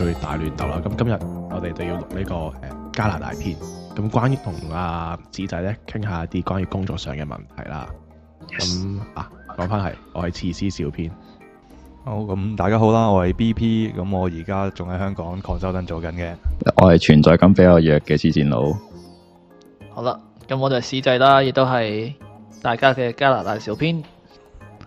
最大亂鬥啦！咁今日我哋就要錄呢個誒加拿大篇。咁關於同阿子仔咧，傾下一啲關於工作上嘅問題啦。咁 Yes. 啊，講翻係我係廁師小編。好，咁大家好啦，我係 BP。咁我而家仲喺香港抗州登做緊嘅。我係存在感比較弱嘅痴線佬。好啦，咁我就子仔啦，亦都係大家嘅加拿大小編。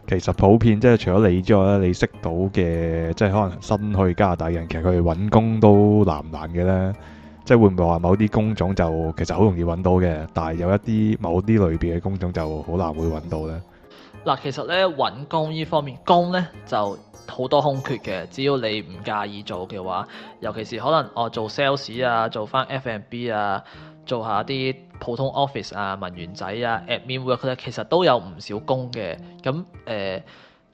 其實普遍即係除咗你之外咧，你識到嘅即係可能新去加拿大人，其實佢哋揾工都難唔難嘅咧？即係會唔會話某啲工種就其實好容易揾到嘅，但係有一啲某啲類別嘅工種就好難會揾到咧？嗱，其實咧揾工呢方面，工咧就好多空缺嘅，只要你唔介意做嘅話，尤其是可能我做 sales 啊，做返 F&B 啊。做下啲普通 office 啊、文員仔啊、admin work 咧，其實都有唔少工嘅。咁、呃、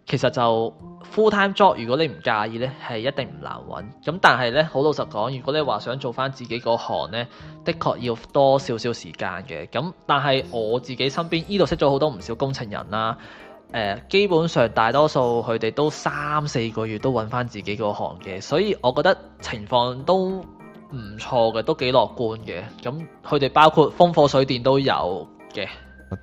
其實就 full time job，如果你唔介意呢，係一定唔難揾。咁但係呢，好老實講，如果你話想做翻自己個行呢，的確要多少少時間嘅。咁但係我自己身邊呢度識咗好多唔少工程人啦、呃，基本上大多數佢哋都三四個月都揾翻自己個行嘅。所以我覺得情況都～唔錯嘅，都幾樂觀嘅。咁佢哋包括風火水電都有嘅。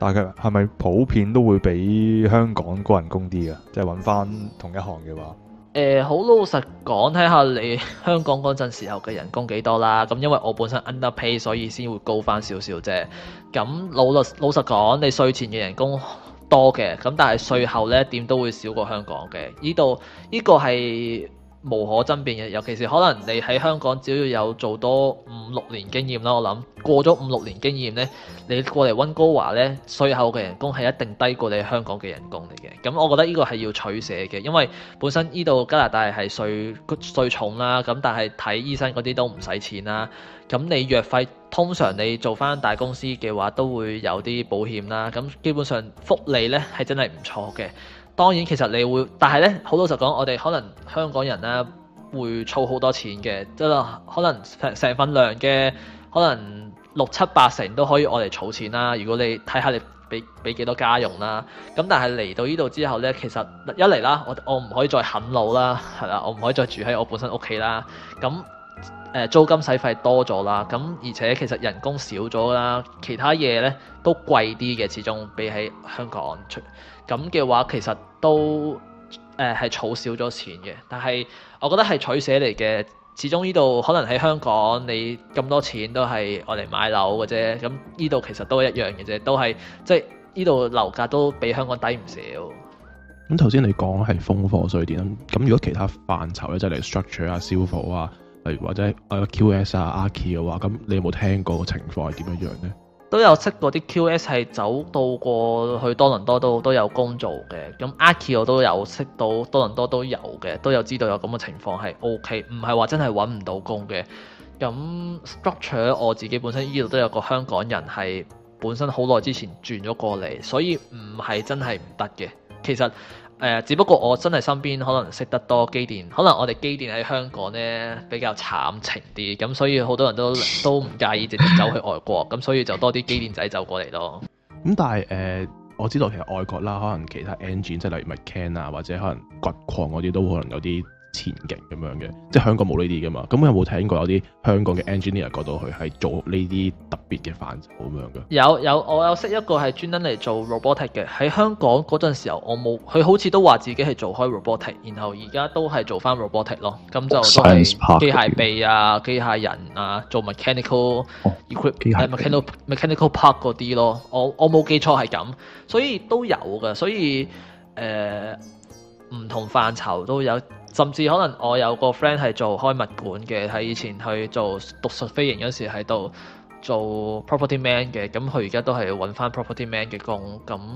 大概係咪普遍都會比香港個人工啲嘅？即係揾翻同一行嘅話。誒、嗯，好、呃、老實講，睇下你香港嗰陣時候嘅人工幾多啦。咁因為我本身 underpay，所以先會高翻少少啫。咁老老老實講，你稅前嘅人工多嘅，咁但係稅後呢，點都會少過香港嘅。呢度呢個係。無可爭辯嘅，尤其是可能你喺香港只要有做多五六年經驗啦，我諗過咗五六年經驗呢，你過嚟温哥華呢，稅後嘅人工係一定低過你香港嘅人工嚟嘅。咁我覺得呢個係要取捨嘅，因為本身呢度加拿大係稅稅重啦，咁但係睇醫生嗰啲都唔使錢啦。咁你藥費通常你做翻大公司嘅話都會有啲保險啦。咁基本上福利呢係真係唔錯嘅。當然，其實你會，但係呢，好老實講，我哋可能香港人呢會儲好多錢嘅，即係可能成份糧嘅，可能六七八成都可以我哋儲錢啦。如果你睇下你俾俾幾多家用啦，咁但係嚟到呢度之後呢，其實一嚟啦，我我唔可以再啃老啦，係啦，我唔可以再住喺我本身屋企啦，咁。誒租金使費多咗啦，咁而且其實人工少咗啦，其他嘢咧都貴啲嘅，始終比起香港出咁嘅話，其實都誒係儲少咗錢嘅。但係我覺得係取捨嚟嘅，始終呢度可能喺香港你咁多錢都係我嚟買樓嘅啫。咁呢度其實都一樣嘅啫，都係即係呢度樓價都比香港低唔少。咁頭先你講係風火水電咁，如果其他範疇咧，就嚟、是、structure 啊，消防啊。或者誒 QS 啊 Archi 嘅話，咁你有冇聽過個情況係點樣樣呢？都有識過啲 QS 係走到過去多倫多都都有工做嘅，咁 Archi 我都有識到多倫多都有嘅，都有知道有咁嘅情況係 O K，唔係話真係揾唔到工嘅。咁 Structure 我自己本身呢度都有個香港人係本身好耐之前轉咗過嚟，所以唔係真係唔得嘅。其實。誒，uh, 只不過我真係身邊可能識得多機電，可能我哋機電喺香港呢，比較慘情啲，咁所以好多人都都唔介意直接走去外國，咁 所以就多啲機電仔走過嚟咯。咁、嗯、但係、呃、我知道其實外國啦，可能其他 engine，即例如 machine 啊，或者可能掘礦嗰啲都可能有啲。前景咁樣嘅，即係香港冇呢啲噶嘛？咁有冇聽過有啲香港嘅 engineer 過到去係做呢啲特別嘅範疇咁樣嘅？有有，我有識一個係專登嚟做 robotic 嘅，喺香港嗰陣時候我冇，佢好似都話自己係做開 robotic，然後而家都係做翻 robotic 咯。咁就都係機械臂啊、機械人啊、做 mechanical equipment、哦、Equip, uh, mechanical mechanical park 嗰啲咯。我我冇記錯係咁，所以都有嘅。所以誒、唔、呃、同範疇都有。甚至可能我有個 friend 係做開物管嘅，喺以前去做讀術飛型嗰時喺度做 property man 嘅，咁佢而家都係揾翻 property man 嘅工。咁誒、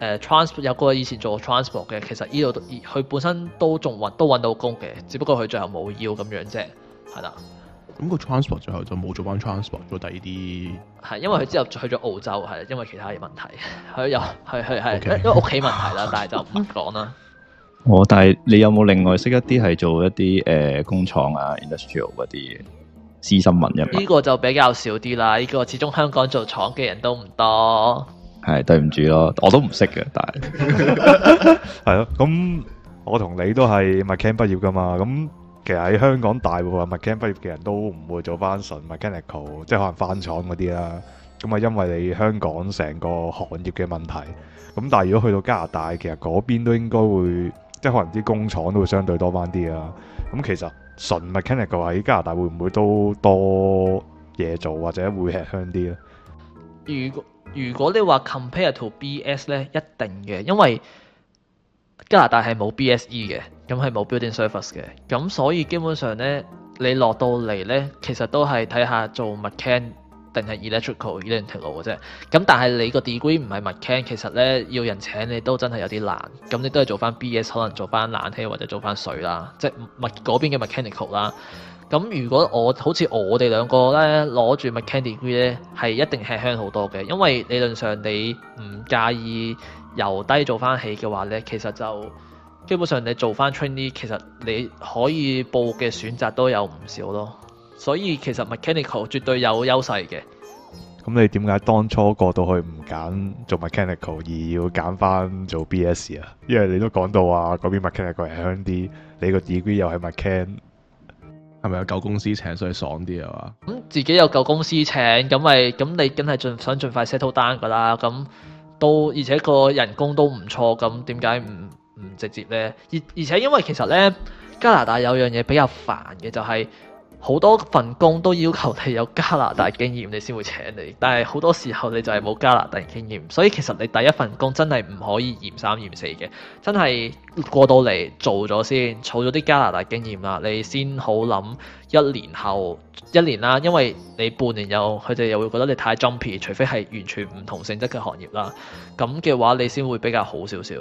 呃、transport 有個以前做 transport 嘅，其實呢度佢本身都仲揾都揾到工嘅，只不過佢最後冇要咁樣啫，係啦。咁個 transport 最後就冇做翻 transport，做第二啲。係因為佢之後去咗澳洲，係因為其他嘢問題，佢又佢佢係因為屋企問題啦 Okay.，但係就唔講啦。 我、哦、但係你有冇另外識一啲係做一啲誒、呃、工廠啊，industrial 嗰啲資深文人？呢個就比較少啲啦，呢、這個始終香港做廠嘅人都唔多。係對唔住咯，我都唔識嘅，但係係咯。咁、啊、我同你都係 Mechan 畢業噶嘛，咁其實喺香港大部分 Mechan 畢業嘅人都唔會做翻純 Mechanical，即係可能翻廠嗰啲啦。咁啊，因為你香港成個行業嘅問題，咁但係如果去到加拿大，其實嗰邊都應該會。即係可能啲工廠都會相對多翻啲啊。咁其實純 mechanical 喺加拿大會唔會都多嘢做，或者會吃香啲啊？如果如果你話 compare to BS 呢，一定嘅，因為加拿大係冇 BSE 嘅，咁係冇 building service 嘅，咁所以基本上呢，你落到嚟呢，其實都係睇下做 mechanic 定係 electrical electrical 嘅啫，咁但係你個 degree 唔係 mechanical，其實咧要人請你都真係有啲難，咁你都係做翻 B.S，可能做翻冷氣或者做翻水啦，即係物嗰邊嘅 mechanical 啦。咁如果我好似我哋兩個咧攞住 mechanical degree 咧，係一定吃香好多嘅，因為理論上你唔介意由低做翻起嘅話咧，其實就基本上你做翻 training，其實你可以報嘅選擇都有唔少咯。所以其實 mechanical 絕對有優勢嘅。咁你點解當初過到去唔揀做 mechanical 而要揀翻做 BS 啊？因為你都講到啊，嗰邊 mechanical 係香啲，你個 degree 又係 mechan，係咪有舊公司請所以爽啲啊？嘛，咁自己有舊公司請，咁咪咁你梗係盡想盡快 settle down 噶啦。咁都而且個人工都唔錯，咁點解唔唔直接咧？而而且因為其實咧，加拿大有樣嘢比較煩嘅就係。好多份工都要求你有加拿大經驗，你先會請你。但係好多時候你就係冇加拿大經驗，所以其實你第一份工真係唔可以嫌三嫌四嘅，真係過到嚟做咗先，儲咗啲加拿大經驗啦，你先好諗一年後一年啦，因為你半年又佢哋又會覺得你太 jumpy，除非係完全唔同性質嘅行業啦。咁嘅話你先會比較好少少。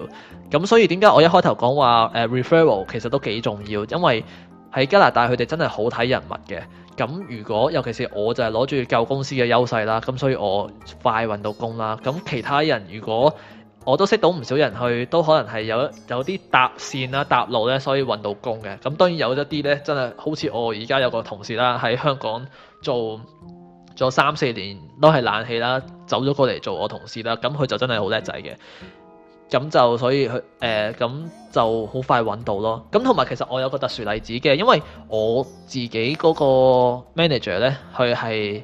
咁所以點解我一開頭講話、uh, referral 其實都幾重要，因為喺加拿大佢哋真係好睇人物嘅，咁如果尤其是我就係攞住舊公司嘅優勢啦，咁所以我快揾到工啦。咁其他人如果我都識到唔少人去，都可能係有有啲搭線啦、搭路呢，所以揾到工嘅。咁當然有一啲呢，真係好似我而家有個同事啦，喺香港做咗三四年都係冷氣啦，走咗過嚟做我同事啦，咁佢就真係好叻仔嘅。咁就所以佢誒咁就好快揾到咯。咁同埋其實我有個特殊例子嘅，因為我自己嗰個 manager 呢，佢係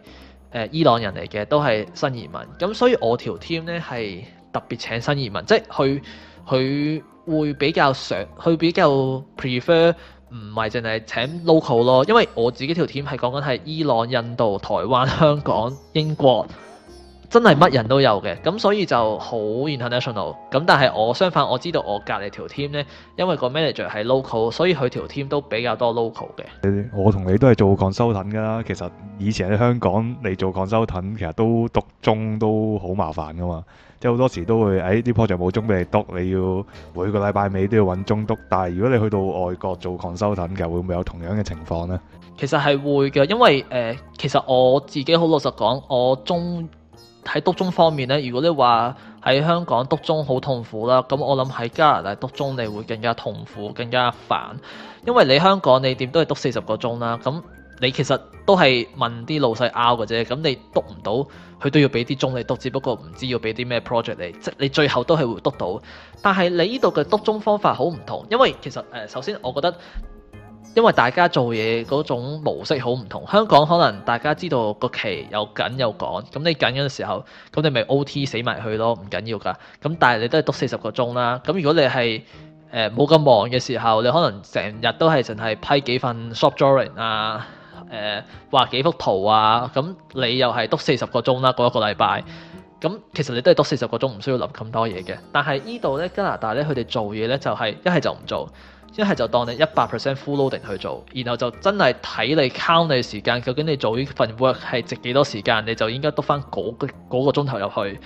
誒伊朗人嚟嘅，都係新移民。咁所以我條 team 呢係特別請新移民，即係佢佢會比較想，佢比較 prefer 唔係淨係請 local 咯，因為我自己條 team 係講緊係伊朗、印度、台灣、香港、英國。真係乜人都有嘅，咁所以就好 international。咁但係我相反，我知道我隔離條 team 呢，因為個 manager 係 local，所以佢條 team 都比較多 local 嘅。我同你都係做 consultant 㗎啦。其實以前喺香港你做 consultant，其實都讀中都好麻煩噶嘛。即係好多時都會，誒啲 project 冇中俾你讀，你要每個禮拜尾都要揾中讀。但係如果你去到外國做 consultant，其實會唔會有同樣嘅情況呢？其實係會嘅，因為誒，其實我自己好老實講，我中。喺督中方面咧，如果你話喺香港督中好痛苦啦，咁我諗喺加拿大督中你會更加痛苦，更加煩，因為你香港你點都係督四十個鐘啦，咁你其實都係問啲老細拗嘅啫，咁你督唔到，佢都要俾啲鐘你督，只不過唔知要俾啲咩 project 你，即你最後都係會督到，但係你呢度嘅督中方法好唔同，因為其實誒、呃，首先我覺得。因為大家做嘢嗰種模式好唔同，香港可能大家知道個期有緊有趕，咁你緊嗰陣時候，咁你咪 O T 死埋去咯，唔緊要㗎。咁但係你都係督四十個鐘啦。咁如果你係冇咁忙嘅時候，你可能成日都係淨係批幾份 shop drawing 啊，誒、呃、畫幾幅圖啊，咁你又係督四十個鐘啦，過一個禮拜。咁其實你都係督四十個鐘，唔需要諗咁多嘢嘅。但係呢度呢，加拿大呢，佢哋做嘢呢，就係一係就唔做。一係就當你一百 percent full loading 去做，然後就真係睇你 count 你時間，究竟你做呢份 work 係值幾多時間，你就應該督翻嗰嗰個鐘、那個、頭入去。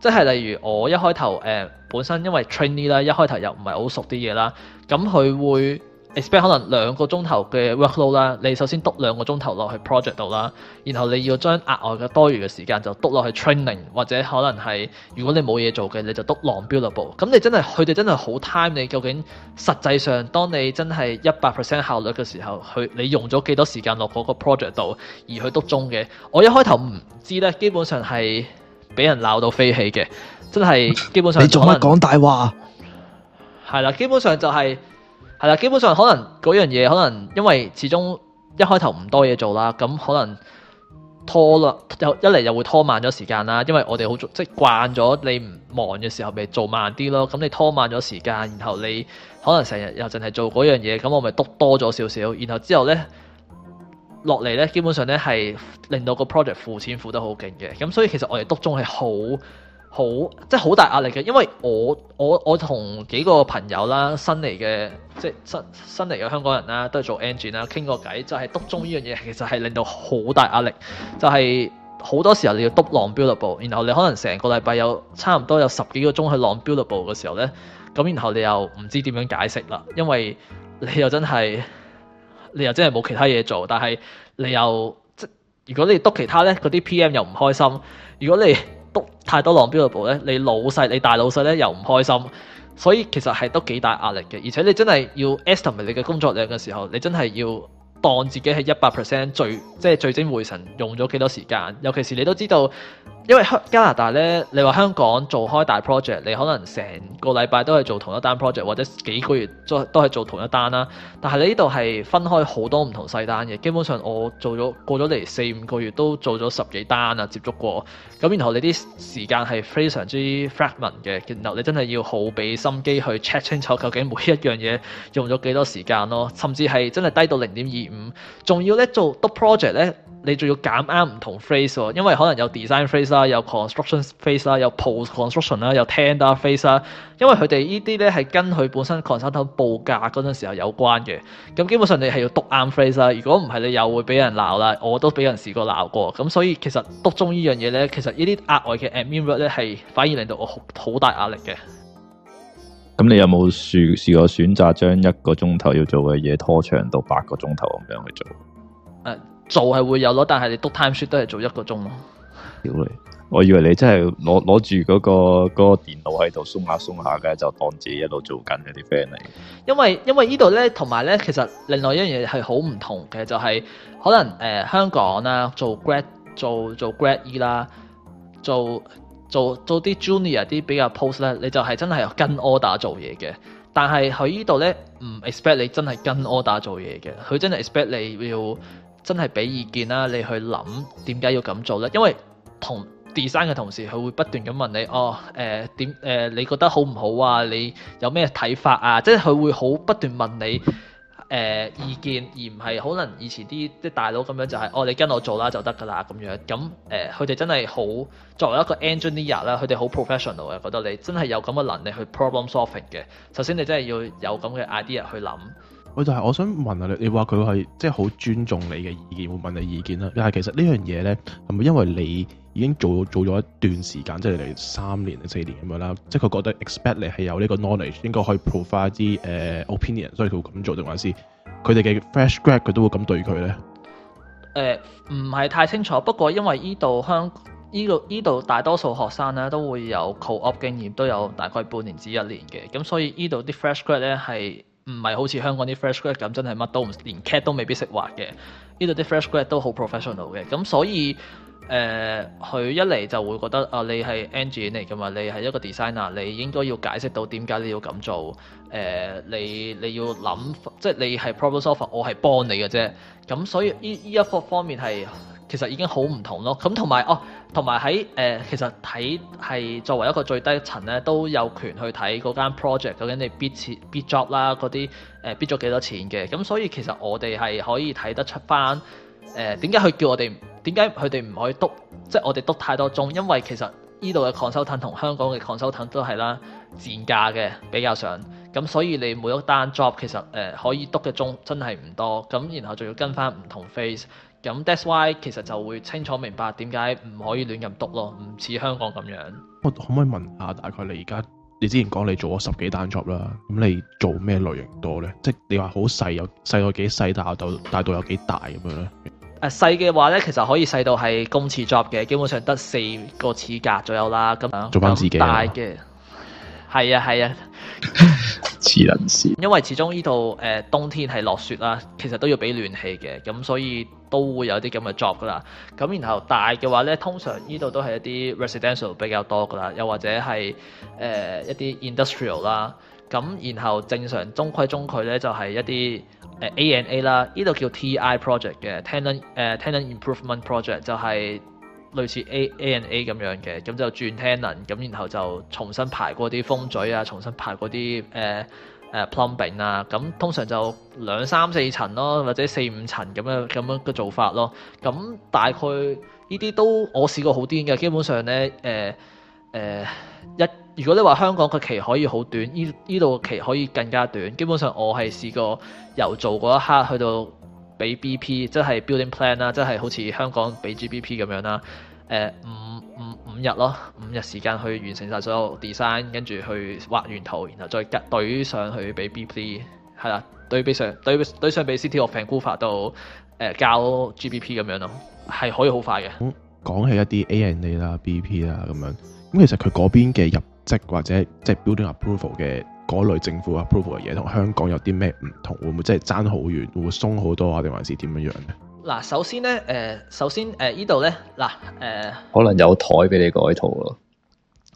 即係例如我一開頭誒、呃、本身因為 trainee 啦，一開頭又唔係好熟啲嘢啦，咁佢會。expect 可能兩個鐘頭嘅 workload 啦，你首先督兩個鐘頭落去 project 度啦，然後你要將額外嘅多餘嘅時間就督落去 training 或者可能係如果你冇嘢做嘅你就督 long buildable 咁你真係佢哋真係好 time 你究竟實際上當你真係一百 percent 效率嘅時候，佢你用咗幾多時間落嗰個 project 度而去督中嘅？我一開頭唔知呢，基本上係俾人鬧到飛起嘅，真係基本上你做乜講大話？係啦，基本上就係、是。係啦，基本上可能嗰樣嘢，可能因為始終一開頭唔多嘢做啦，咁可能拖啦，又一嚟又會拖慢咗時間啦。因為我哋好做，即係慣咗你唔忙嘅時候，咪做慢啲咯。咁你拖慢咗時間，然後你可能成日又淨係做嗰樣嘢，咁我咪督多咗少少。然後之後呢，落嚟呢，基本上呢係令到個 project 付錢付得好勁嘅。咁所以其實我哋督鐘係好。好即係好大壓力嘅，因為我我我同幾個朋友啦，新嚟嘅即係新新嚟嘅香港人啦，都係做 engine 啦，傾過偈就係、是、篤鐘呢樣嘢，其實係令到好大壓力。就係、是、好多時候你要篤浪 billable，然後你可能成個禮拜有差唔多有十幾個鐘去浪 billable 嘅時候呢。咁然後你又唔知點樣解釋啦，因為你又真係你又真係冇其他嘢做，但係你又即係如果你篤其他呢嗰啲 PM 又唔開心。如果你太多浪標嘅步咧，你老細你大老細咧又唔開心，所以其實係都幾大壓力嘅。而且你真係要 estimate 你嘅工作量嘅時候，你真係要當自己係一百 percent 最即係聚精會神，用咗幾多時間。尤其是你都知道。因為加拿大咧，你話香港做開大 project，你可能成個禮拜都係做同一單 project，或者幾個月都都係做同一單啦。但係你呢度係分開好多唔同細單嘅，基本上我做咗過咗嚟四五個月都做咗十幾單啊，接觸過。咁然後你啲時間係非常之 fragment 嘅，然後你真係要好俾心機去 check 清楚究竟每一樣嘢用咗幾多時間咯，甚至係真係低到零點二五，仲要咧做多 project 咧。你仲要揀啱唔同 phase 喎，因為可能有 design phase 啦，有 construction phase 啦，有 post construction 啦，有 tender phase 啦。因為佢哋呢啲咧係跟佢本身 contract 報價嗰陣時候有關嘅。咁基本上你係要篤啱 phase 啦，如果唔係你又會俾人鬧啦。我都俾人試過鬧過。咁所以其實篤中呢樣嘢咧，其實呢啲額外嘅 admin work 咧係反而令到我好大壓力嘅。咁你有冇試試過選擇將一個鐘頭要做嘅嘢拖長到八個鐘頭咁樣去做？做係會有咯，但係你督 time sheet 都係做一個鐘咯。屌你！我以為你真係攞攞住嗰個嗰個電腦喺度鬆下鬆下嘅，就當自己一路做緊嗰啲 friend 嚟。因為因為呢度咧，同埋咧，其實另外一樣嘢係好唔同嘅，就係可能誒香港啦，做 grad 做做，做 grad e 啦，做做做啲 junior 啲比較 post 咧，你就係真係跟 order 做嘢嘅。嗯、但係佢呢度咧，唔 expect 你真係跟 order 做嘢嘅，佢真係 expect 你要。真係俾意見啦，你去諗點解要咁做呢？因為同 design 嘅同事佢會不斷咁問你，哦，誒、呃、點誒、呃？你覺得好唔好啊？你有咩睇法啊？即係佢會好不斷問你誒、呃、意見，而唔係可能以前啲啲大佬咁樣就係、是、哦，你跟我做啦就得㗎啦咁樣。咁誒，佢哋真係好作為一個 engineer 啦，佢哋好 professional 嘅，覺得你真係有咁嘅能力去 problem solving 嘅。首先你真係要有咁嘅 idea 去諗。我就係我想問下你，你話佢係即係好尊重你嘅意見，會問你意見啦。但係其實呢樣嘢咧，係咪因為你已經做做咗一段時間，即係你三年四年咁樣啦？即係佢覺得 expect 你係有呢個 knowledge，應該可以 provide 啲誒 opinion，所以佢會咁做，定還是佢哋嘅 fresh grad 佢都會咁對佢咧？誒、呃，唔係太清楚。不過因為依度香、依度依度大多數學生咧都會有 co-op 經驗，都有大概半年至一年嘅，咁所以依度啲 fresh grad 咧係。唔係好似香港啲 fresh grad 咁，真係乜都唔連 cat 都未必識畫嘅。呢度啲 fresh grad 都好 professional 嘅，咁所以誒，佢、呃、一嚟就會覺得啊，你係 engineer 嚟噶嘛，你係一個 designer，你應該要解釋到點解你要咁做。呃、你你要諗，即係你係 problem solver，我係幫你嘅啫。咁所以呢呢一，一方方面係。其實已經好唔同咯，咁同埋哦，同埋喺誒，其實睇係作為一個最低層咧，都有權去睇嗰間 project 究竟你 bid bid job 啦，嗰啲誒 bid 咗幾多錢嘅。咁所以其實我哋係可以睇得出翻誒點解佢叫我哋，點解佢哋唔可以督，即係我哋督太多鐘，因為其實呢度嘅 consultant 同香港嘅 consultant 都係啦，賤價嘅比較上，咁所以你每一單 job 其實誒、呃、可以督嘅鐘真係唔多，咁然後仲要跟翻唔同 phase 咁 that's why 其實就會清楚明白點解唔可以亂咁篤咯，唔似香港咁樣。我可唔可以問下大概你而家你之前講你做咗十幾單 job 啦，咁你做咩類型多咧？即你話好細有細到幾細，大到大到有幾大咁樣咧？細嘅話咧，其實可以細到係公廁 job 嘅，基本上得四個尺格左右啦。咁做返自己大嘅。係啊係啊，黐撚線。 因為始終呢度誒冬天係落雪啦，其實都要俾暖氣嘅，咁所以都會有啲咁嘅 job 噶啦。咁然後大嘅話呢，通常呢度都係一啲 residential 比較多噶啦，又或者係誒、呃、一啲 industrial 啦。咁然後正常中規中矩呢，就係、是、一啲誒、呃、A and A 啦，呢度叫 TI project 嘅，tenant 誒、呃、tenant improvement project 就係、是。類似 A A n A 咁樣嘅，咁就轉 tenant 咁然後就重新排過啲風嘴啊，重新排過啲誒誒、呃呃、plumbing 啊，咁通常就兩三四層咯，或者四五層咁樣咁樣嘅做法咯。咁大概呢啲都我試過好癲嘅，基本上呢。誒、呃、誒、呃、一，如果你話香港嘅期可以好短，呢依度期可以更加短。基本上我係試過由做嗰一刻去到。俾 B P 即係 building plan 啦，即係好似香港俾 G B P 咁樣啦。誒五五五日咯，五日時間去完成晒所有 Design，跟住去畫完圖，然後再拮對上去俾 B P 係、呃、啦，對俾上對對上俾 City of Vancouver 估法到誒交 G B P 咁樣咯，係可以好快嘅。講起一啲 A N D 啦、B P 啦咁樣，咁其實佢嗰邊嘅入職或者即係、就是、building approval 嘅。嗰類政府 approve 嘅嘢，同香港有啲咩唔同？會唔會真係爭好遠？會唔會鬆好多啊？定還是點樣樣咧？嗱、呃，首先、呃、呢誒，首先誒，依度咧，嗱，誒，可能有台俾你改圖咯。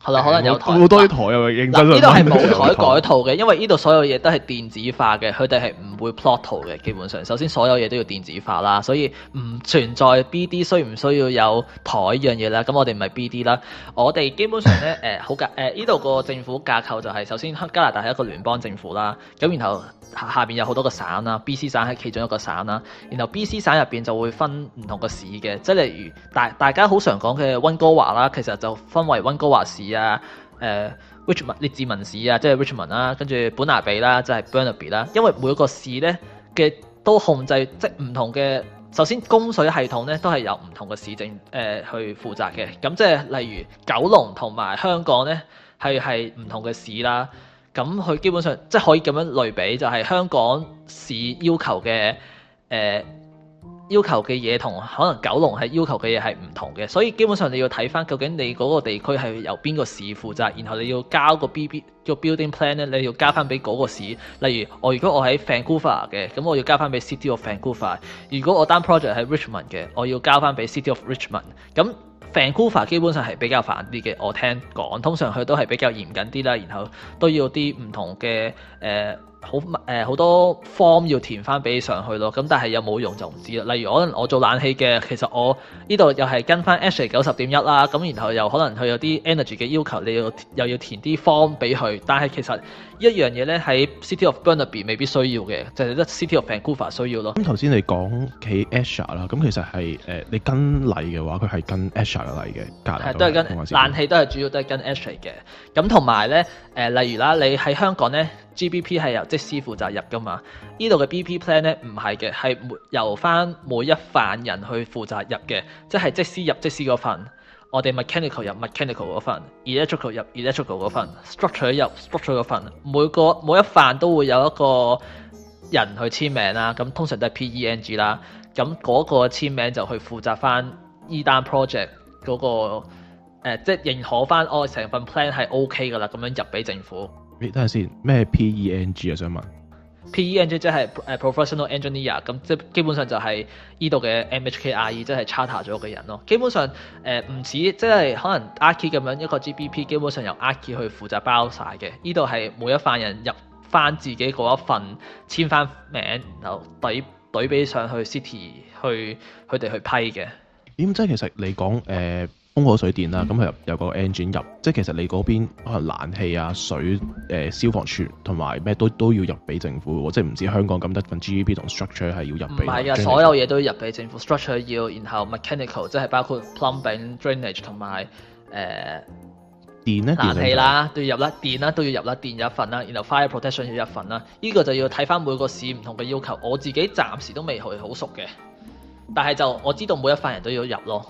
係啦、嗯，可能有台多台啊，咪認真嚟講，呢度係冇台改套嘅， 因為呢度所有嘢都係電子化嘅，佢哋係唔會 plot 圖嘅。基本上，首先所有嘢都要電子化啦，所以唔存在 B.D. 需唔需要有台依樣嘢啦。咁我哋咪 B.D. 啦。我哋基本上咧，誒、 欸、好噶，呢度個政府架構就係、是、首先加拿大係一個聯邦政府啦，咁然後下下邊有好多個省啦，B.C. 省係其中一個省啦。然後 B.C. 省入邊就會分唔同個市嘅，即係例如大大家好常講嘅溫哥華啦，其實就分為溫哥華市。啊，誒，Richmond 列治文市啊，即係 Richmond 啦、啊，跟住本拿比啦、啊，即、就、係、是、Burnaby 啦、啊。因為每個市咧嘅都控制即唔同嘅。首先供水系統咧都係由唔同嘅市政誒、呃、去負責嘅。咁即係例如九龍同埋香港咧係係唔同嘅市啦。咁佢基本上即係可以咁樣類比，就係、是、香港市要求嘅誒。呃要求嘅嘢同可能九龍係要求嘅嘢係唔同嘅，所以基本上你要睇翻究竟你嗰個地區係由邊個市負責，然後你要交個 B B 叫 Building Plan 咧，你要交翻俾嗰個市。例如，我如果我喺 Vancouver 嘅，咁我要交翻俾 City of Vancouver；如果我單 project 喺 Richmond 嘅，我要交翻俾 City of Richmond。咁 Vancouver 基本上係比較煩啲嘅，我聽講通常佢都係比較嚴謹啲啦，然後都要啲唔同嘅誒。好、呃、好多 form 要填翻俾上去咯，咁但係有冇用就唔知啦。例如可能我做冷氣嘅，其實我呢度又係跟翻 ASHRAE 九十點一啦，咁然後又可能佢有啲 energy 嘅要求，你要又要填啲 form 俾佢。但係其實一樣嘢咧，喺 City of Burnaby 未必需要嘅，就係、是、得 City of Vancouver 需要咯。咁頭先你講起 ASHRAE 啦，咁其實係、呃、你跟禮嘅話，佢係跟 ASHRAE 嘅禮嘅隔籬係都係跟冷氣都係主要都係跟 ASHRAE 嘅。咁同埋咧呃、例如啦，你喺香港咧。G B P 係由則師負責入噶嘛？呢度嘅 B P plan 咧唔係嘅，係由翻每一份人去負責入嘅，即係則師入則師嗰份，我哋 me mechanical 入 mechanical 嗰份，electrical 入 electrical 嗰份 St，structure 入 structure 嗰份，每個每一份都會有一個人去簽名啦。咁通常都係 P E N G 啦。咁嗰個簽名就去負責翻依單 project 嗰、嗰個、呃、即係認可翻我成份 plan 係 O K 噶啦。咁樣入俾政府。睇下先，咩 P.E.N.G 啊？E N、G，想問 P.E.N.G 即係 professional engineer，咁即係基本上就係依度嘅 M.H.K.R.E，即係 charter 咗嘅人咯。基本上誒唔止即係可能 a r c h i e 咁樣一個 G.B.P，基本上由 a r c h i e 去負責包晒嘅。呢度係每一班人入翻自己嗰一份，簽翻名，然後懟懟俾上去 city 去佢哋去批嘅。點即係其實你講誒？呃風火水電啦，咁佢有有個 engine 入，即係其實你嗰邊可能冷氣啊、水、誒、呃、消防署同埋咩都都要入俾政府喎，即係唔知香港咁得份 GDP 同 structure 係要入。唔係啊，所有嘢都要入俾政府，structure 要，然後 mechanical 即係包括 plumbing、drainage 同埋誒電咧呢，暖氣啦都要入啦，電啦都要入啦，電一份啦，然後 fire protection 要一份啦，呢、這個就要睇翻每個市唔同嘅要求，我自己暫時都未去好熟嘅，但係就我知道每一份人都要入咯。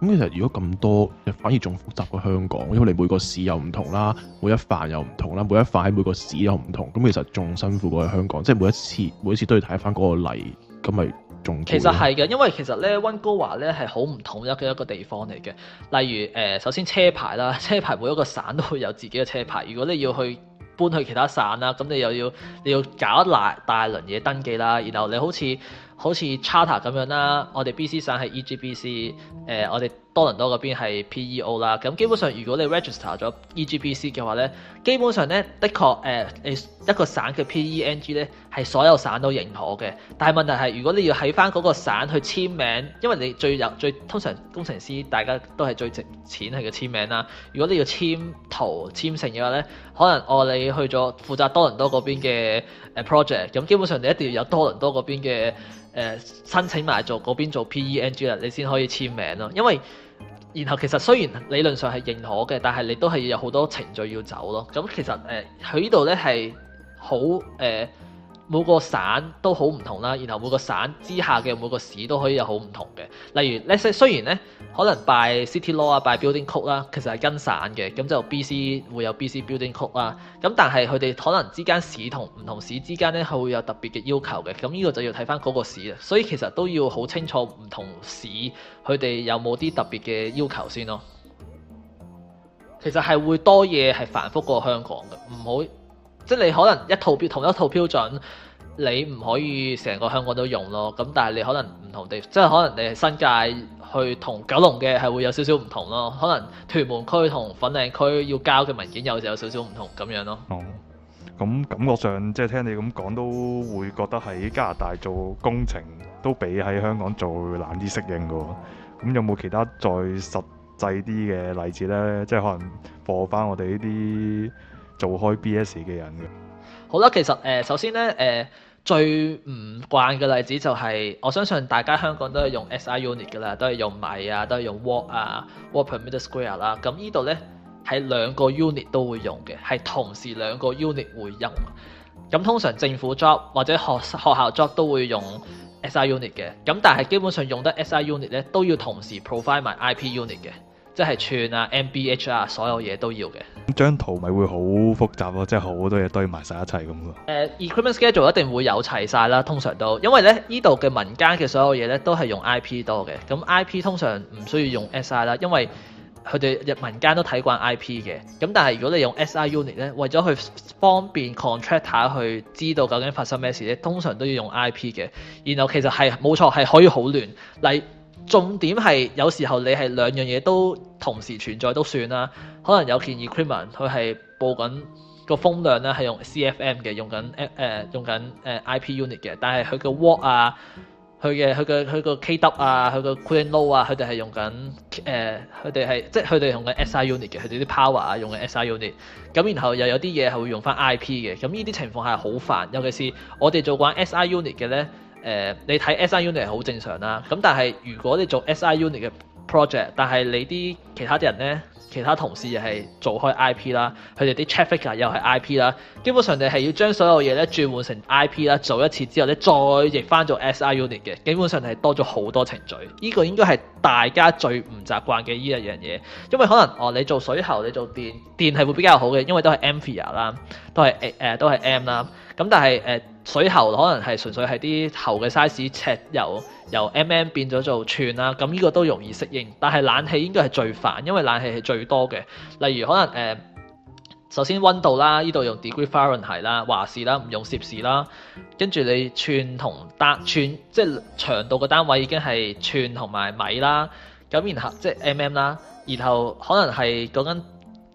咁其實如果咁多，反而仲複雜過香港，因為你每個市又唔同啦，每一範又唔同啦，每一塊每個市又唔同，咁其實仲辛苦過香港，即係每一次每一次都要睇翻嗰個例，咁咪仲其實係嘅，因為其實呢溫哥華呢係好唔統一嘅一個地方嚟嘅。例如誒、呃，首先車牌啦，車牌每一個省都會有自己嘅車牌，如果你要去搬去其他省啦，咁你又要又要搞一大大輪嘢登記啦，然後你好似。好似 charter 咁樣啦，我哋 BC 省係 EGBC，呃，我哋多倫多嗰邊係 PEO 啦。咁基本上如果你 register 咗 EGBC 嘅話呢，基本上呢，的確你一個省嘅 PEng 呢係所有省都認可嘅。但係問題係如果你要喺返嗰個省去簽名，因為你最有最通常工程師大家都係最值錢係嘅簽名啦。如果你要簽圖簽成嘅話呢，可能我哋去咗負責多倫多嗰邊嘅 project，咁基本上你一定要有多倫多嗰邊嘅。呃、申請埋做嗰邊做 PEng 啦，你先可以簽名咯。因為然後其實雖然理論上係認可嘅，但係你都係要有好多程序要走咯。咁其實誒佢呢度呢係好誒。呃每個省都好唔同啦，然後每個省之下嘅每個市都可以有好唔同嘅。例如呢，雖然咧可能拜 City Law 啊、拜 Building Code 啦，其實係跟省嘅，咁就 B.C. 會有 B.C. Building Code 啦。咁但係佢哋可能之間市同唔同市之間咧，係會有特別嘅要求嘅。咁呢個就要睇翻嗰個市啦。所以其實都要好清楚唔同市佢哋有冇啲特別嘅要求先咯、哦。其實係會多嘢係繁複過香港嘅，唔好。即係你可能一套同一套標準，你唔可以成個香港都用咯。咁但係你可能唔同地，即係可能你係新界去同九龍嘅，係會有少少唔同咯。可能屯門區同粉嶺區要交嘅文件有時有少少唔同咁樣咯、嗯。哦，咁感覺上即係聽你咁講都會覺得喺加拿大做工程都比喺香港做難啲適應嘅喎。咁有冇其他再實際啲嘅例子咧？即係可能播翻我哋呢啲。做開 B S 嘅人嘅，好啦，其實誒、呃，首先咧誒、呃，最唔慣嘅例子就係、是，我相信大家香港都係用 S I unit 嘅啦，都係用米啊，都係用 watt 啊，watt per meter square 啦。咁呢度咧，喺兩個 unit 都會用嘅，係同時兩個 unit 會用嘅。咁通常政府 job 或者學學校 job 都會用 S I unit 嘅，咁但係基本上用得 S I unit 咧都要同時 provide 埋 I P unit 嘅。即係串啊、MBH 啊，所有嘢都要嘅。咁張圖咪會好複雜咯，即係好多嘢堆埋晒一齊咁咯。equipment schedule 一定會有齊晒啦。通常都因為咧，呢度嘅民間嘅所有嘢咧，都係用 IP 多嘅。咁 IP 通常唔需要用 SI 啦，因為佢哋入民間都睇慣 IP 嘅。咁但係如果你用 SI unit 咧，為咗去方便 contractor 去知道究竟發生咩事咧，通常都要用 IP 嘅。然後其實係冇錯，係可以好亂。例重點係有時候你係兩樣嘢都同時存在都算啦，可能有件 equipment 佢係報緊個風量咧，係用 CFM 嘅，用緊誒、呃、用緊誒 IP unit 嘅，但係佢個瓦啊，佢嘅佢嘅佢嘅 K W 啊，佢嘅 cooling load 啊，佢哋係用緊誒，佢哋係即係佢哋用緊 SI unit 嘅，佢哋啲 power 啊用緊 SI unit，咁然後又有啲嘢係會用翻 IP 嘅，咁呢啲情況係好煩，尤其是我哋做慣 SI unit 嘅咧。呃、你睇 SI unit 好正常啦。咁但係如果你做 SI unit 嘅 project，但係你啲其他啲人呢，其他同事又係做開 IP 啦，佢哋啲 traffic、er、又係 IP 啦，基本上你係要將所有嘢咧轉換成 IP 啦，做一次之後咧再譯翻做 SI unit 嘅，基本上係多咗好多程序。呢、這個應該係大家最唔習慣嘅呢一樣嘢，因為可能哦，你做水喉你做電電係會比較好嘅，因為都係 amphia 啦，都係、呃、都係 m 啦。咁但係水喉可能係純粹係啲喉嘅 size，尺寸由由 mm 變咗做寸啦，咁呢個都容易適應。但係冷氣應該係最煩，因為冷氣係最多嘅。例如可能誒、呃，首先溫度啦，呢度用 degree Fahrenheit 啦，華氏啦，唔用攝氏啦。跟住你寸同呎寸，即係、就是、長度嘅單位已經係寸同埋米啦。咁然後即係、就是、mm 啦，然後可能係嗰個。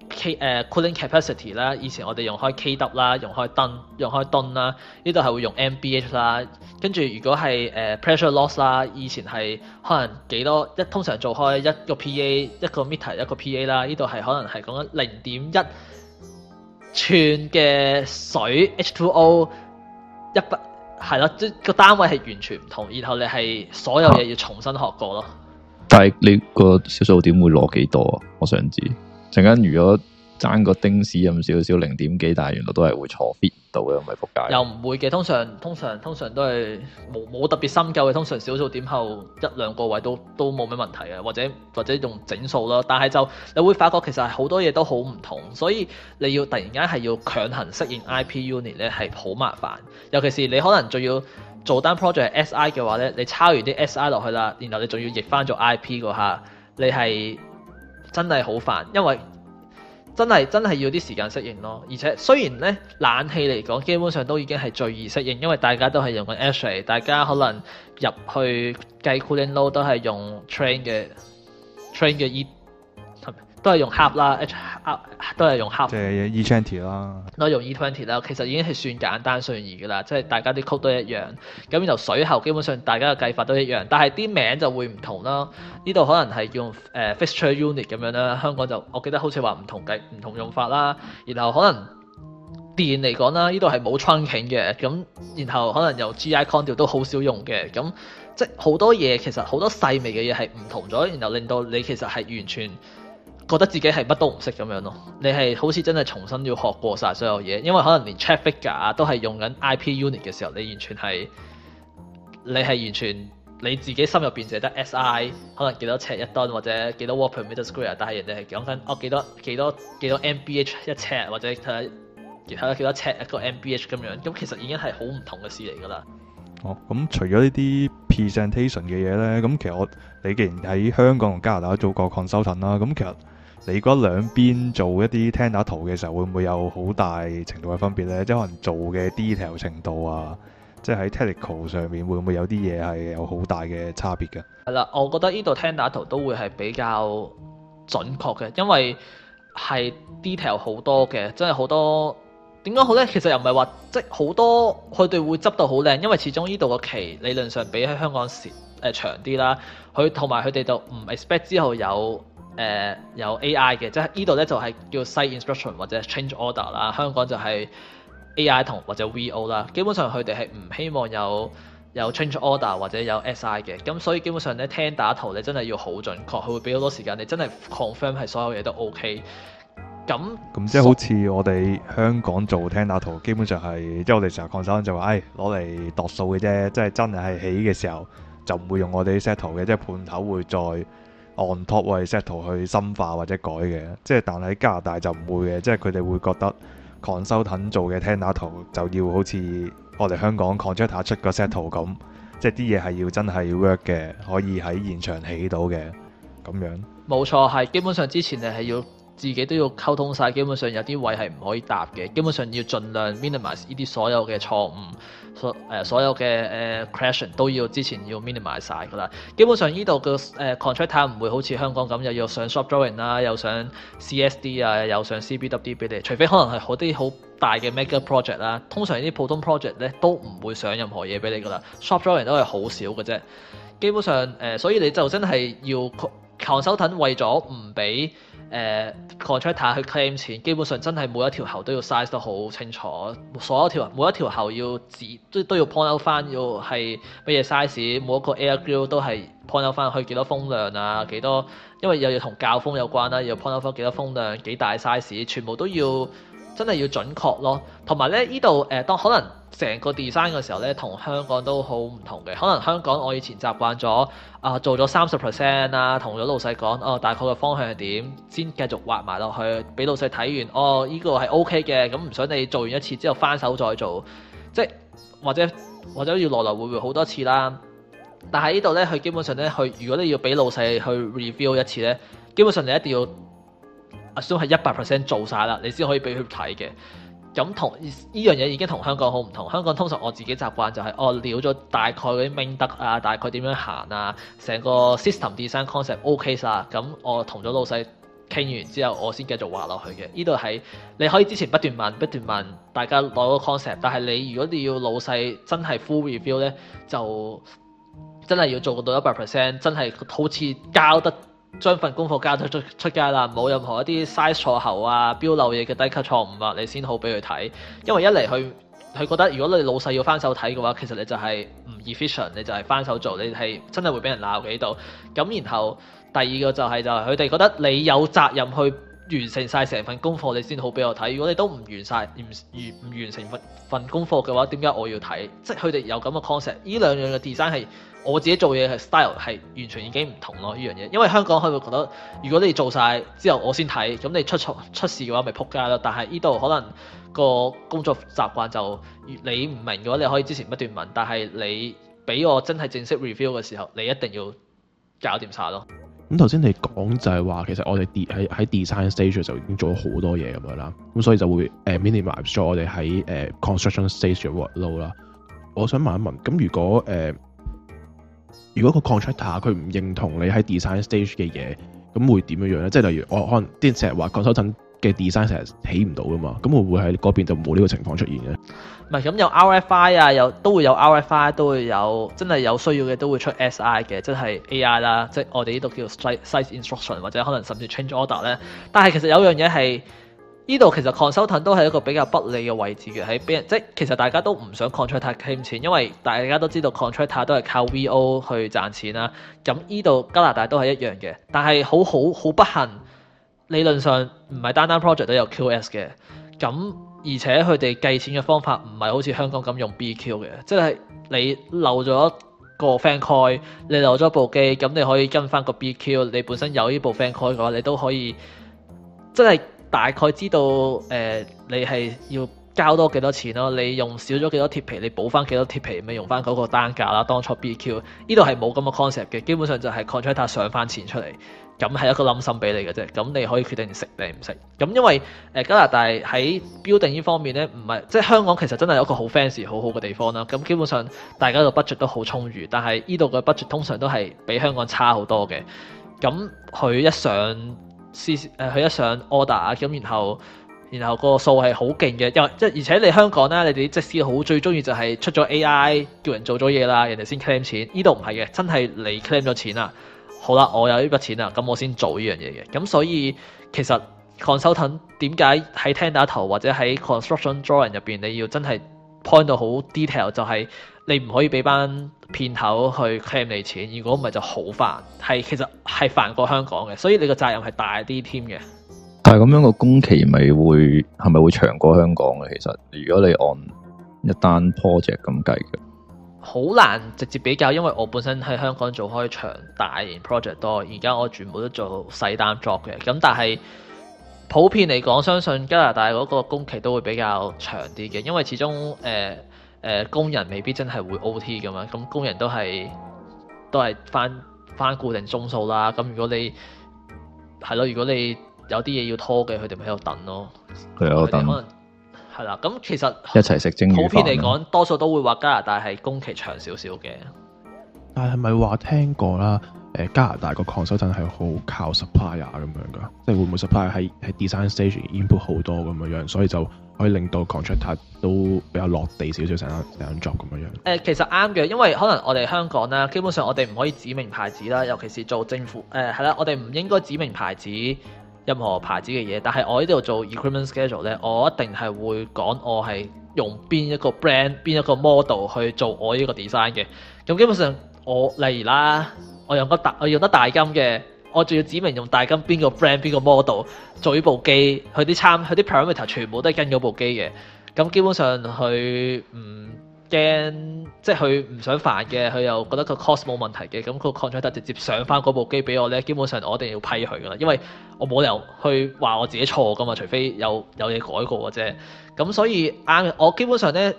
K 誒 cooling capacity 啦，uh, cool、Cap acity, 以前我哋用開 KW 啦，用開燈用開燈啦，呢度係會用 MBH 啦。跟住如果係誒 pressure loss 啦，uh, oss, 以前係可能幾多一通常做開一個 PA 一個 meter 一個 PA 啦，呢度係可能係講緊零點一吋嘅水 H2O 一筆係咯，即、就是、個單位係完全唔同。然後你係所有嘢要重新學過咯、啊。但係你個小數點會攞幾多啊？我想知。陣間如果爭個丁士咁少少零點幾大，大係原來都係會錯 fit 到嘅，咪撲街。又唔會嘅，通常通常通常都係冇冇特別深究嘅。通常小數點後一兩個位都都冇咩問題嘅，或者或者用整數啦。但係就你會發覺其實好多嘢都好唔同，所以你要突然間係要強行適應 IP unit 咧，係好麻煩。尤其是你可能仲要做單 project SI 嘅話咧，你抄完啲 SI 落去啦，然後你仲要譯翻做 IP 嗰下，你係。真係好煩，因為真係真係要啲時間適應咯。而且雖然咧冷氣嚟講基本上都已經係最易適應，因為大家都係用緊 ASHA，大家可能入去計 cooling load 都係用 train 嘅 train 嘅熱。 都係用 Hub 啦，都係用 Hub 即係 Etwenty 啦。都係用 Etwenty 啦。其實已經係算簡單順義了，算易嘅啦。即係大家啲曲都一樣，咁然後水喉基本上大家嘅計法都一樣，但係啲名就會唔同啦。呢度可能係用誒、呃、Fixture Unit 咁樣啦。香港就我記得好似話唔同計唔同用法啦。然後可能電嚟講啦，呢度係冇 Trunking 嘅，咁然後可能由 G.I. Conduit 都好少用嘅，咁即係好多嘢其實好多細微嘅嘢係唔同咗，然後令到你其實係完全。覺得自己係乜都唔識咁樣咯，你係好似真係重新要學過晒所有嘢，因為可能連 traffic 架都係用緊 IP unit 嘅時候，你完全係你係完全你自己心入邊寫得 SI 可能幾多尺一噸，或者幾多 W per meter square，但係人哋係講緊哦，幾多幾多幾多 MBH 一尺或者睇下其他幾多尺一個 MBH 咁樣，咁其實已經係好唔同嘅事嚟㗎啦。哦，咁除咗呢啲 presentation 嘅嘢咧，咁其實我你既然喺香港同加拿大做過 consultant 啦，咁其實你覺得兩邊做一啲聽打圖嘅時候，會唔會有好大程度嘅分別呢？即係可能做嘅 detail 程度啊，即係喺 technical 上面會唔會有啲嘢係有好大嘅差別嘅？係啦，我覺得呢度聽打圖都會係比較準確嘅，因為係 detail 好多嘅，真係好多。點講好呢？其實又唔係話即係好多佢哋會執到好靚，因為始終呢度嘅期理論上比喺香港時長啲啦。佢同埋佢哋就唔 expect 之後有。誒、呃、有 AI 嘅，即係呢度咧就係叫 site instruction 或者 change order 啦。香港就係 AI 同或者 VO 啦。基本上佢哋係唔希望有有 change order 或者有 SI 嘅。咁所以基本上咧，tender 圖你真係要好準確，佢會俾好多時間你真係 confirm 係所有嘢都 OK。咁咁即係好似我哋香港做 tender 圖，基本上係即係我哋成日講嘅就話，誒攞嚟度數嘅啫，即係、哎、真係起嘅時候就唔會用我哋 set 圖嘅，即係判頭會再。On top 位 set 圖去深化或者改嘅，即係但係喺加拿大就唔會嘅，即係佢哋會覺得 consultant 做嘅 tender 圖就要好似我哋香港 contractor 出個 set 圖咁，嗯、即係啲嘢係要真係 work 嘅，可以喺現場起到嘅咁樣。冇錯，係基本上之前你係要自己都要溝通晒，基本上有啲位係唔可以搭嘅，基本上要盡量 minimize 呢啲所有嘅錯誤。所所有嘅誒 crashion 都要之前要 minimize 晒噶啦，基本上呢度嘅 contract 唔會好似香港咁，又要上 shop drawing 啦，又上 CSD 啊，又上 CBWD、啊、俾你，除非可能係好啲好大嘅 mega project 啦、啊，通常啲普通 project 咧都唔會上任何嘢俾你噶啦，shop drawing 都係好少嘅啫。基本上、呃、所以你就真係要強手揼，收為咗唔俾。誒 contractor、呃、去 claim 錢，基本上真係每一條喉都要 size 得好清楚，所有條每一條喉要指都都要 point out 翻，要係乜嘢 size，每一個 air grill 都係 point out 翻，去幾多風量啊，幾多，因為又要同教風有關啦，要 point out 翻幾多風量，幾大 size，全部都要。真係要準確咯，同埋呢呢度誒，當可能成個 design 嘅時候呢，同香港都好唔同嘅。可能香港我以前習慣咗、呃、啊，做咗三十 percent 啦，同咗老細講，哦大概嘅方向係點，先繼續畫埋落去，俾老細睇完，哦呢、呢個係 OK 嘅，咁唔想你做完一次之後翻手再做，即或者或者要來來回回好多次啦。但係呢度呢，佢基本上呢，佢如果你要俾老細去 review 一次呢，基本上你一定要。阿叔係一百 percent 做晒啦，你先可以俾佢睇嘅。咁同呢樣嘢已經同香港好唔同。香港通常我自己習慣就係我料咗大概啲明德啊，大概點樣行啊，成個 system design concept OK 曬、啊。咁我同咗老細傾完之後，我先繼續話落去嘅。呢度係你可以之前不斷問不斷問大家攞個 concept，但係你如果你要老細真係 full review 咧，就真係要做到一百 percent，真係好似交得。將份功課交到出出街啦，冇任何一啲嘥錯后啊、標漏嘢嘅低級錯誤啊，你先好俾佢睇。因為一嚟佢佢覺得，如果你老細要翻手睇嘅話，其實你就係唔 efficient，你就係翻手做，你係真係會俾人鬧幾度。咁然後第二個就係、係、就係佢哋覺得你有責任去完成晒成份功課，你先好俾我睇。如果你都唔完曬唔完唔完，完成份份功課嘅話，點解我要睇？即係佢哋有咁嘅 concept，呢兩樣嘅 design 係。我自己做嘢係 style 係完全已經唔同咯呢樣嘢，因為香港佢會覺得如果你做晒之後我先睇，咁你出錯出事嘅話咪撲街咯。但係呢度可能個工作習慣就你唔明嘅話，你可以之前不斷問。但係你俾我真係正，正式 review 嘅時候，你一定要搞掂晒咯。咁頭先你講就係話其實我哋喺喺 design stage 就已經做咗好多嘢咁樣啦，咁所以就會誒 minimize 咗、um、我哋喺誒 construction stage work load 啦。我想問一問，咁如果誒？呃如果個 contractor 佢唔認同你喺 design stage 嘅嘢，咁會點樣樣咧？即係例如我可能啲成日話 contractor 嘅 design 成日起唔到噶嘛，咁會唔會喺嗰邊就冇呢個情況出現嘅？唔係，咁有 RFI 啊，有都會有 RFI，都會有，真係有需要嘅都會出 SI 嘅，即係 AI 啦，即係我哋呢度叫做 site instruction 或者可能甚至 change order 咧。但係其實有樣嘢係。呢度其實 contract 都係一個比較不利嘅位置嘅，喺邊即係其實大家都唔想 contract 揾錢，因為大家都知道 contract 都係靠 VO 去賺錢啦。咁呢度加拿大都係一樣嘅，但係好好好不幸，理論上唔係單單 project 都有 QS 嘅。咁而且佢哋計錢嘅方法唔係好似香港咁用 BQ 嘅，即係你漏咗個 fan coil，你漏咗部機，咁你可以跟翻個 BQ，你本身有呢部 fan coil 嘅話，你都可以即係。大概知道誒、呃，你係要交多幾多少錢咯。你用少咗幾多鐵皮，你補翻幾多鐵皮，咪用翻嗰個單價啦。當初 BQ 呢度係冇咁嘅 concept 嘅，基本上就係 contractor 上翻錢出嚟，咁係一個冧心俾你嘅啫。咁你可以決定食定唔食。咁因為誒加拿大喺 building 定呢方面呢，唔係即係香港其實真係有一個好 fancy, 好 fans 好好嘅地方啦。咁基本上大家嘅 budget 都好充裕，但係呢度嘅 budget 通常都係比香港差好多嘅。咁佢一上試誒一上 order 啊，咁然後然後個數係好勁嘅，因為即而且你香港咧，你哋即使好最中意就係出咗 AI 叫人做咗嘢啦，人哋先 claim 錢。呢度唔係嘅，真係你 claim 咗錢啦。好啦，我有呢筆錢啦，咁我先做呢樣嘢嘅。咁所以其實 consultant 點解喺 tender 頭，或者喺 construction drawing 入邊你要真係 point 到好 detail 就係、是。你唔可以俾班判頭去 claim 你錢，如果唔係就好煩，係其實係煩過香港嘅，所以你個責任係大啲添嘅。但係咁樣個工期咪會，係咪會長過香港嘅？其實如果你按一單 project 咁計嘅，好難直接比較，因為我本身喺香港做開場大型 project 多，而家我全部都做細單 job 嘅。咁但係普遍嚟講，相信加拿大嗰個工期都會比較長啲嘅，因為始終誒。呃誒、呃、工人未必真係會 O T 噶嘛，咁工人都係都係返返固定鐘數啦。咁如果你係咯，如果你有啲嘢要拖嘅，佢哋咪喺度等咯。佢喺度等。可能係啦。咁其實一齊食蒸魚飯，普遍嚟講，多數都會話加拿大係工期長少少嘅。但係咪話聽過啦？加拿大個 contract 係好靠 supplier 咁樣㗎，即係會唔會 supplier 喺喺 design stage input 好多咁樣，所以就可以令到 contract 都比較落地少少成成 job 咁樣。其實啱嘅，因為可能我哋香港啦，基本上我哋唔可以指明牌子啦，尤其是做政府係啦，呃，我哋唔應該指明牌子任何牌子嘅嘢。但係我呢度做 equipment schedule 咧，我一定係會講我係用邊一個 brand 邊一個 model 去做我呢個 design 嘅。咁基本上我例如啦。我用得大，我用得大金嘅，我仲要指明用大金邊個 brand 邊個 model 做呢部機，佢啲參佢啲 parameter 全部都係跟嗰部機嘅。咁基本上佢唔驚，即係佢唔想煩嘅，佢又覺得個 cost 冇問題嘅，咁個 contract 直接上翻嗰部機俾我咧。基本上我一定要批佢噶啦，因為我冇理由去話我自己錯噶嘛，除非有有嘢改過啫。咁所以啱，我基本上咧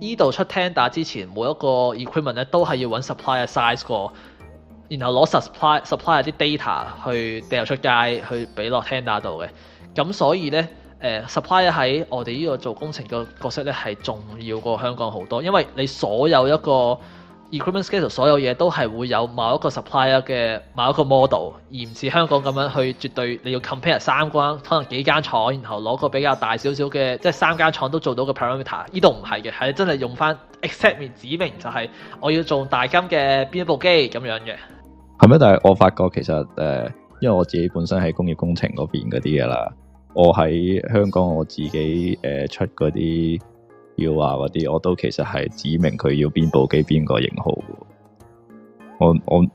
依度出 tender 之前，每一個 equipment 咧都係要揾 supplier size 過。然後攞 supp supply supplier 啲 data 去掉出街去俾落 h 打度嘅，咁所以呢、呃、supply 喺我哋呢個做工程嘅角色呢，係重要過香港好多，因為你所有一個 equipment schedule 所有嘢都係會有某一個 supplier 嘅某一個 model，而唔似香港咁樣去絕對你要 compare 三關可能幾間廠，然後攞個比較大少少嘅，即係三間廠都做到個 parameter，呢度唔係嘅，係真係用翻 e x e p t 面指明就係我要做大金嘅邊一部機咁樣嘅。係咩？但係我發覺其實誒、呃，因為我自己本身喺工業工程嗰邊嗰啲嘢啦，我喺香港我自己誒、呃、出嗰啲要啊嗰啲，我都其實係指明佢要邊部機邊個型號，我我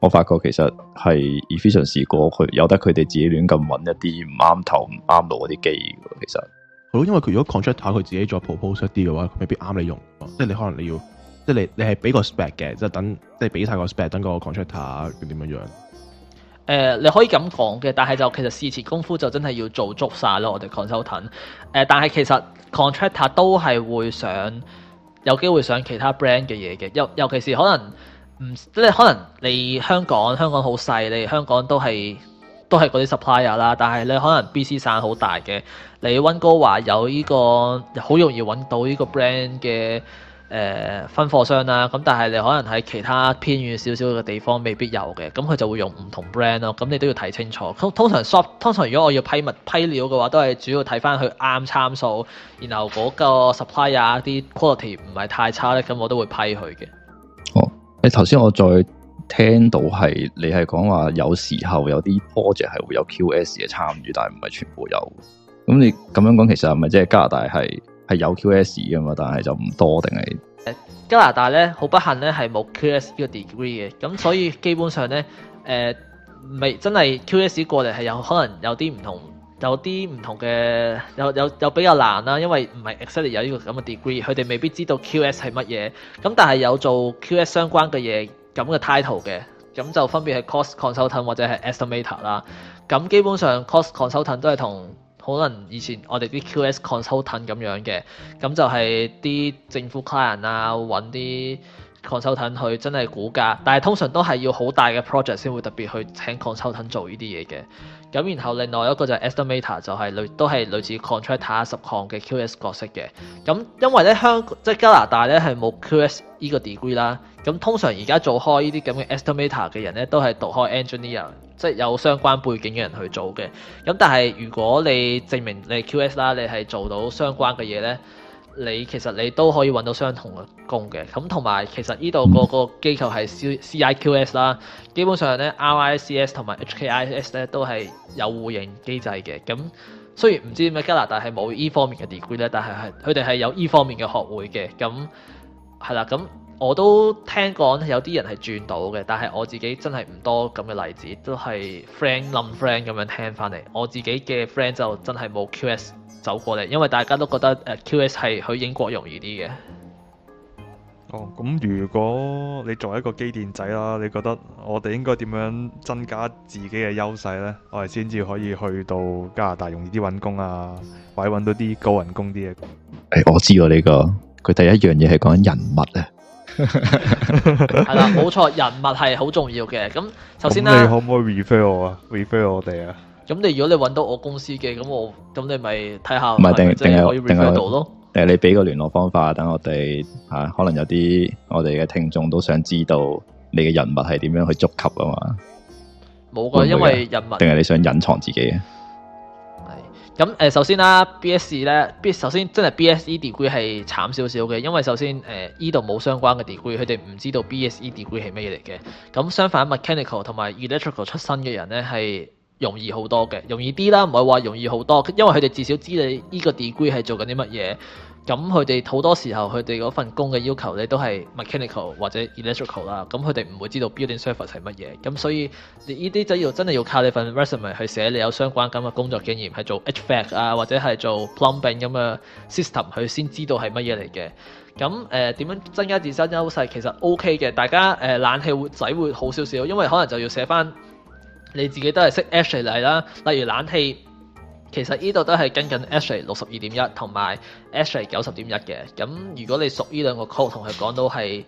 我發覺其實係 efficiency 過去，佢由得佢哋自己亂咁揾一啲唔啱頭唔啱路嗰啲機的。其實好，因為佢如果 contractor 佢自己再 propose 一啲嘅話，佢未必啱你用。即係你可能你要。即係你，你係俾個 spec 嘅，即係等，即係俾晒個 spec，等個 contractor 佢點樣樣、呃。你可以咁講嘅，但係就其實事前功夫就真係要做足晒咯。我哋 consultant，誒、呃，但係其實 contractor 都係會想有機會想其他 brand 嘅嘢嘅。尤尤其是可能唔，咧可能你香港香港好細，你香港都係都係嗰啲 supplier 啦。但係你可能 BC 省好大嘅，你溫哥華有呢、呢個好容易揾到呢個 brand 嘅。誒分貨商啦，咁但係你可能喺其他偏遠少少嘅地方未必有嘅，咁佢就會用唔同 brand 咯，咁你都要睇清楚。通常 shop 通常如果我要批物批料嘅話，都係主要睇翻佢啱參數，然後嗰個 supplier 啲 quality 唔係太差咧，咁我都會批佢嘅。哦，你頭先我再聽到係你係講話，有時候有啲 project 係會有 QS 嘅參與，但係唔係全部有。咁你咁樣講，其實係咪即係加拿大係？係有 QS 噶嘛，但係就唔多定係？誒加拿大咧，好不幸咧，係冇 QS 呢個 degree 嘅，咁所以基本上咧，未、呃、真係 QS 過嚟係有可能有啲唔同，有啲唔同嘅，有有有比較難啦、啊，因為唔係 exactly 有呢個咁嘅 degree，佢哋未必知道 QS 係乜嘢，咁但係有做 QS 相關嘅嘢咁嘅 title 嘅，咁就分別係 cost consultant 或者係 estimator 啦，咁基本上 cost consultant 都係同。可能以前我哋啲 QS consultant 咁樣嘅，咁就係啲政府 client 啊，揾啲。contract 去真係估價，但係通常都係要好大嘅 project 先會特別去請 contract 做呢啲嘢嘅。咁然後另外一個就係 estimator，就係類都係類似 contract 十 contract 嘅 QS 角色嘅。咁因為咧香即係加拿大咧係冇 QS 呢個 degree 啦。咁通常而家做開呢啲咁嘅 estimator 嘅人咧，都係讀開 engineer，即係有相關背景嘅人去做嘅。咁但係如果你證明你 QS 啦，你係做到相關嘅嘢咧。你其實你都可以揾到相同嘅工嘅，咁同埋其實呢度個個機構係 CIQS 啦，基本上呢 RICS 同埋 HKIS 咧都係有互認機制嘅。咁雖然唔知點解加拿大係冇依方面嘅 degree 咧，但係係佢哋係有依方面嘅學會嘅。咁係啦，咁我都聽講有啲人係轉到嘅，但係我自己真係唔多咁嘅例子，都係 friend 冧 friend 咁樣聽翻嚟。我自己嘅 friend 就真係冇 QS。走過嚟，因為大家都覺得誒 QS 係去英國容易啲嘅。哦，咁如果你作為一個機電仔啦，你覺得我哋應該點樣增加自己嘅優勢呢？我哋先至可以去到加拿大容易啲揾工啊，或者揾到啲高人工啲嘅、欸、我知喎呢、啊呢個，佢第一樣嘢係講緊人物啊，係啦， 冇錯，人物係好重要嘅。咁首先呢，你可唔可以 refer 我啊？refer 我哋啊？咁你如果你揾到我公司嘅，咁我咁你咪睇下，即係可以 refer 到咯。誒嗎，你俾個聯絡方法，等我哋吓、啊，可能有啲我哋嘅聽眾都想知道你嘅人物係點樣去觸及啊嘛。冇噶過，會會因為人物定係你想隱藏自己啊？係咁誒，首先啦，BSE 咧，B 首先真係 BSE degree 係慘少少嘅，因為首先誒呢度冇相關嘅 degree，佢哋唔知道 BSE degree 係咩嚟嘅。咁相反，mechanical 同埋 electrical 出身嘅人咧係。容易好多嘅，容易啲啦，唔係話容易好多，因為佢哋至少知你呢個 degree 係做緊啲乜嘢。咁佢哋好多時候，佢哋嗰份工嘅要求咧都係 mechanical 或者 electrical 啦。咁佢哋唔會知道 building service 係乜嘢。咁所以呢啲就要真係要靠你份 resume 去寫，你有相關咁嘅工作經驗係做 HVAC 啊，或者係做 plumbing 咁嘅 system，佢先知道係乜嘢嚟嘅。咁誒，點樣增加自身優勢，其實 OK 嘅，大家、呃、冷氣會仔會好少少，因為可能就要寫翻，你自己都係識 ASHRAE 嚟啦，例如冷氣，其實呢度都係跟緊 ASHRAE 六十二點一，同埋 ASHRAE 九十點一嘅。咁如果你熟呢兩個 code，同佢講到係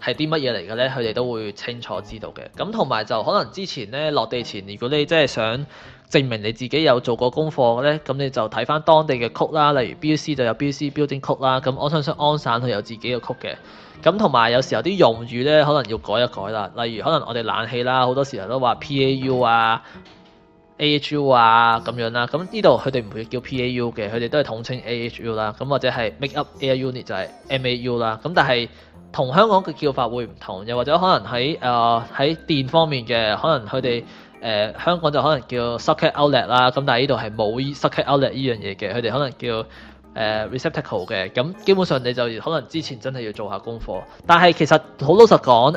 係啲乜嘢嚟嘅呢，佢哋都會清楚知道嘅。咁同埋就可能之前呢，落地前，如果你真係想，證明你自己有做過功課嘅咧，咁你就睇翻當地嘅曲啦，例如 BC 就有 BC building 曲啦，咁我相信安省佢有自己嘅曲嘅，咁同埋有時候啲用語咧可能要改一改啦，例如可能我哋冷氣啦，好多時候都話 PAU 啊、AHU 啊咁樣啦，咁呢度佢哋唔會叫 PAU 嘅，佢哋都係統稱 AHU 啦，咁或者係 make up air unit 就係 MAU 啦，咁但係同香港嘅叫法會唔同，又或者可能喺誒喺電方面嘅，可能佢哋。誒、呃、香港就可能叫 socket outlet 啦，咁但呢度係冇 socket outlet 呢樣嘢嘅，佢哋可能叫 receptacle 嘅。咁、呃、基本上你就可能之前真係要做下功課，但係其實好老實講，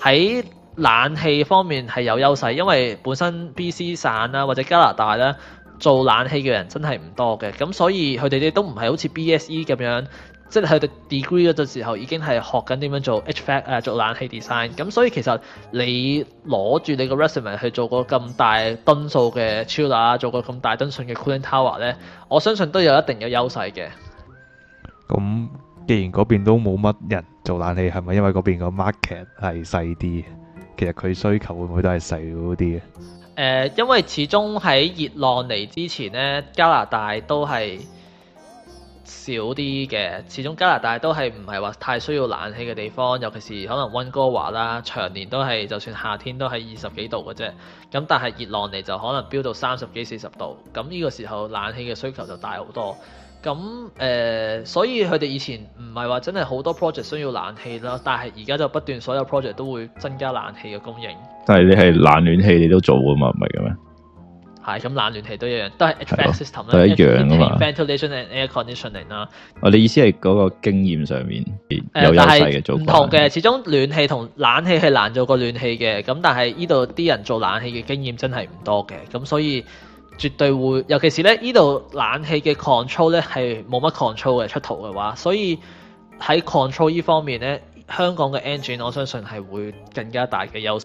喺、呃、冷氣方面係有優勢，因為本身 BC 省啦、啊、或者加拿大咧做冷氣嘅人真係唔多嘅，咁所以佢哋啲都唔係好似 BSE 咁樣。即係佢哋 degree 嗰陣時候已經係學緊點樣做 HVAC 啊，做冷氣 design。咁所以其實你攞住你個 resume 去做個咁大噸數嘅 chiller 啊，做個咁大噸數嘅 cooling tower 咧，我相信都有一定嘅優勢嘅。咁既然嗰邊都冇乜人做冷氣，係咪因為嗰邊個 market 係細啲？其實佢需求會唔會都係細啲嘅？誒、呃，因為始終喺熱浪嚟之前咧，加拿大都係少啲嘅，始終加拿大都係唔係話太需要冷氣嘅地方，尤其是可能溫哥華啦，長年都係就算夏天都係二十幾度嘅啫。咁但係熱浪嚟就可能飆到三十幾四十度，咁呢個時候冷氣嘅需求就大好多。咁、呃、所以佢哋以前唔係話真係好多 project 需要冷氣啦，但係而家就不斷所有 project 都會增加冷氣嘅供應。但係你係冷暖氣你都做嘅嘛？唔係嘅咩？係，咁冷暖氣都一樣，都係 effect system 對、哦、都一樣噶嘛。Ventilation and air conditioning 啦。我哋意思係嗰個經驗上面有優勢嘅，唔同嘅。始終暖氣同冷氣係難做過暖氣嘅，咁但係呢度啲人做冷氣嘅經驗真係唔多嘅，咁所以絕對會，尤其是咧呢度冷氣嘅 control 咧係冇乜 control 嘅出圖嘅話，所以喺 control 呢方面咧，香港嘅 engine 我相信係會更加大嘅優勢。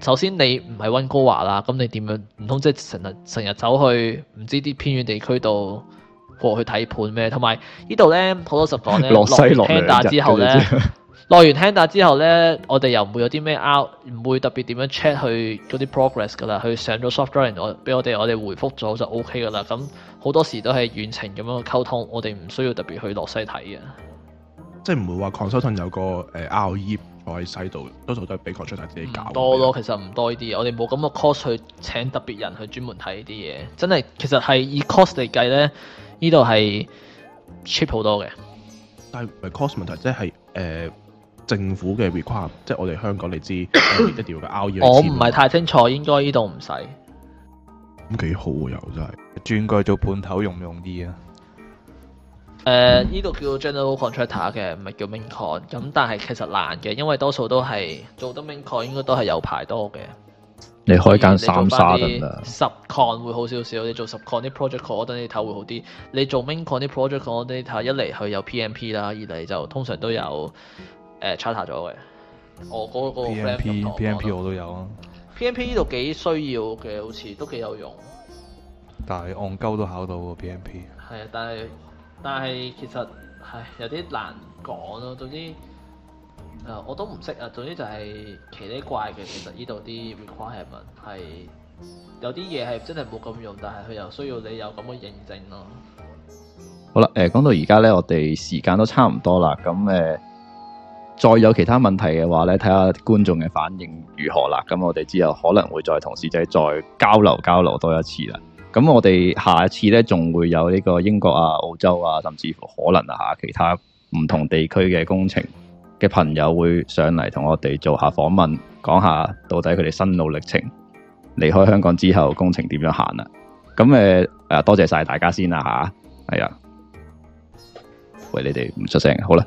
首先你唔係温哥華啦，咁你點樣？唔通即係成日成日走去唔知啲偏遠地區度過去睇盤咩？同埋呢度咧好多實講咧落完 hander 之後咧，落完 hander 之後咧， 我哋又唔會有啲咩 out，唔會特別點樣 check 去嗰啲 progress 噶啦。佢上咗 soft drawing 我俾我哋我哋回覆咗就 OK 噶啦。咁好多時都係遠程咁樣溝通，我哋唔需要特別去落西睇嘅。即係唔會話 consultant 有個誒 out、呃我喺度，多數都係俾個出頭自己搞多咯。其實唔多呢啲，我哋冇咁嘅 cost 去請特別人去專門睇呢啲嘢。真係其實係以 cost 嚟計咧，呢度係 cheap 好多嘅。但係 cost 問題即係誒、呃、政府嘅 require，即係我哋香港你知 r e q u i r 嘅 o u t l 我唔係太清楚，應該呢度唔使。咁幾好啊！又真係專計做判頭用唔用啲啊！誒呢度叫 general contractor 嘅，唔係叫 main con。咁但係其實難嘅，因為多數都係做得 main con 應該都係有排多嘅。你開間三沙 sub con 會好少少，你做 sub con 啲 project coordinator 會好啲。你做 main con 啲 project coordinator，一嚟佢有 PMP 啦，二嚟就通常都有誒、呃、charter 咗嘅。哦，嗰、那個 PMP PMP 我都有啊。PMP 呢度幾需要嘅，好似都幾有用。但係戇鳩都考到喎 PMP。係啊，但係。但係其實，有啲難講咯。總之，誒、呃，我都唔識啊。總之就係奇呢怪嘅。其實呢度啲 requirement 係有啲嘢，係真係冇咁用，但係佢又需要你有咁嘅認證咯。好啦，誒、欸，講到而家咧，我哋時間都差唔多啦。咁誒、呃，再有其他問題嘅話咧，睇下觀眾嘅反應如何啦。咁我哋之後可能會再同事仔再交流交流多一次啦。咁我哋下一次咧，仲會有呢個英國啊、澳洲啊，甚至乎可能啊吓其他唔同地區嘅工程嘅朋友會上嚟同我哋做下訪問，講下到底佢哋心路歷程，離開香港之後工程點樣行啊？咁誒、呃，多謝晒大家先啦吓，係啊，哎、呀喂你哋唔出聲，好啦。